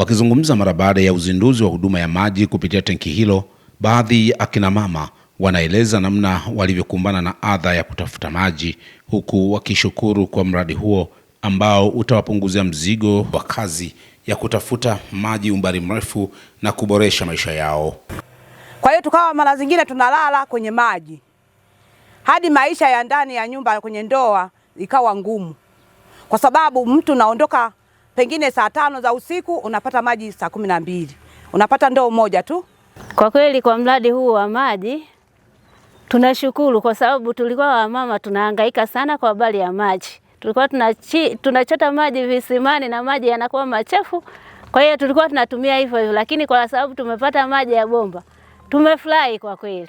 Wakizungumza mara baada ya uzinduzi wa huduma ya maji kupitia tenki hilo, baadhi ya akina mama wanaeleza namna walivyokumbana na adha ya kutafuta maji, huku wakishukuru kwa mradi huo ambao utawapunguzia mzigo wa kazi ya kutafuta maji umbali mrefu na kuboresha maisha yao. Kwa hiyo tukawa mara zingine tunalala kwenye maji hadi maisha ya ndani ya nyumba kwenye ndoa ikawa ngumu, kwa sababu mtu naondoka pengine saa tano za usiku unapata maji saa kumi na mbili unapata ndoo moja tu. Kwa kweli kwa mradi huu wa maji tunashukuru, kwa sababu tulikuwa wamama tunahangaika sana kwa habari ya maji, tulikuwa tunachi, tunachota maji visimani na maji yanakuwa machafu, kwa hiyo tulikuwa tunatumia hivyo hivyo, lakini kwa sababu tumepata maji ya bomba tumefurahi kwa kweli.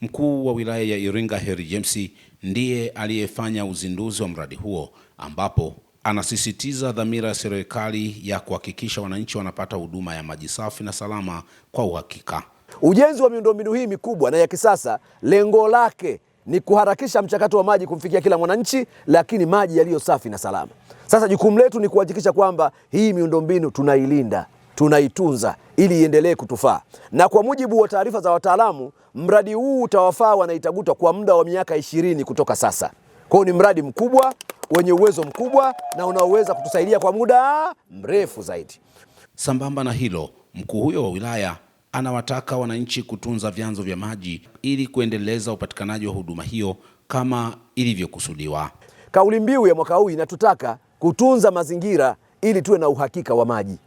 Mkuu wa wilaya ya Iringa Heri James ndiye aliyefanya uzinduzi wa mradi huo ambapo Anasisitiza dhamira ya serikali ya kuhakikisha wananchi wanapata huduma ya maji safi na salama kwa uhakika. Ujenzi wa miundombinu hii mikubwa na ya kisasa, lengo lake ni kuharakisha mchakato wa maji kumfikia kila mwananchi, lakini maji yaliyo safi na salama. Sasa jukumu letu ni kuhakikisha kwamba hii miundombinu tunailinda, tunaitunza ili iendelee kutufaa. Na kwa mujibu wa taarifa za wataalamu, mradi huu utawafaa wanaitaguta kwa muda wa miaka ishirini kutoka sasa. Kwa hiyo ni mradi mkubwa wenye uwezo mkubwa na unaoweza kutusaidia kwa muda mrefu zaidi. Sambamba na hilo, mkuu huyo wa wilaya anawataka wananchi kutunza vyanzo vya maji ili kuendeleza upatikanaji wa huduma hiyo kama ilivyokusudiwa. Kauli mbiu ya mwaka huu inatutaka kutunza mazingira ili tuwe na uhakika wa maji.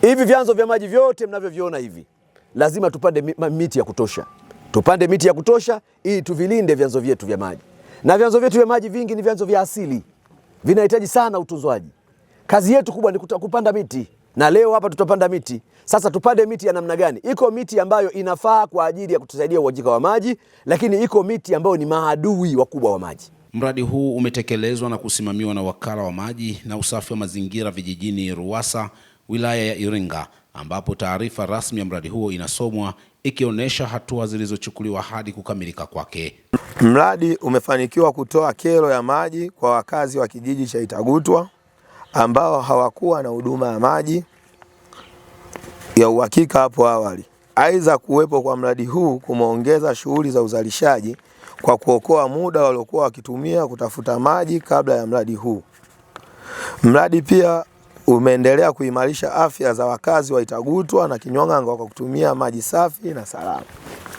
Hivi vyanzo vya maji vyote mnavyoviona hivi, lazima tupande miti ya kutosha, tupande miti ya kutosha ili tuvilinde vyanzo vyetu vya maji na vyanzo vyetu vya maji vingi ni vyanzo vya asili, vinahitaji sana utunzwaji. Kazi yetu kubwa ni kupanda miti, na leo hapa tutapanda miti. Sasa tupande miti ya namna gani? Iko miti ambayo inafaa kwa ajili ya kutusaidia uhakika wa maji, lakini iko miti ambayo ni maadui wakubwa wa maji. Mradi huu umetekelezwa na kusimamiwa na Wakala wa Maji na Usafi wa Mazingira Vijijini RUWASA wilaya ya Iringa, ambapo taarifa rasmi ya mradi huo inasomwa ikionyesha hatua zilizochukuliwa hadi kukamilika kwake. Mradi umefanikiwa kutoa kero ya maji kwa wakazi wa kijiji cha Itagutwa ambao hawakuwa na huduma ya maji ya uhakika hapo awali. Aidha, kuwepo kwa mradi huu kumeongeza shughuli za uzalishaji kwa kuokoa muda waliokuwa wakitumia kutafuta maji kabla ya mradi huu. Mradi pia umeendelea kuimarisha afya za wakazi wa Itagutwa na Kinywang'angwa kwa kutumia maji safi na salama.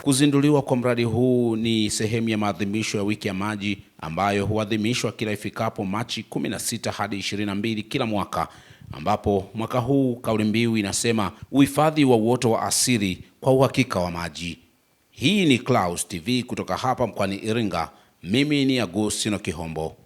Kuzinduliwa kwa mradi huu ni sehemu ya maadhimisho ya wiki ya maji ambayo huadhimishwa kila ifikapo Machi 16 hadi 22 kila mwaka, ambapo mwaka huu kauli mbiu inasema uhifadhi wa uoto wa asili kwa uhakika wa maji. Hii ni Clouds TV kutoka hapa mkoani Iringa. Mimi ni Agustino Kihombo.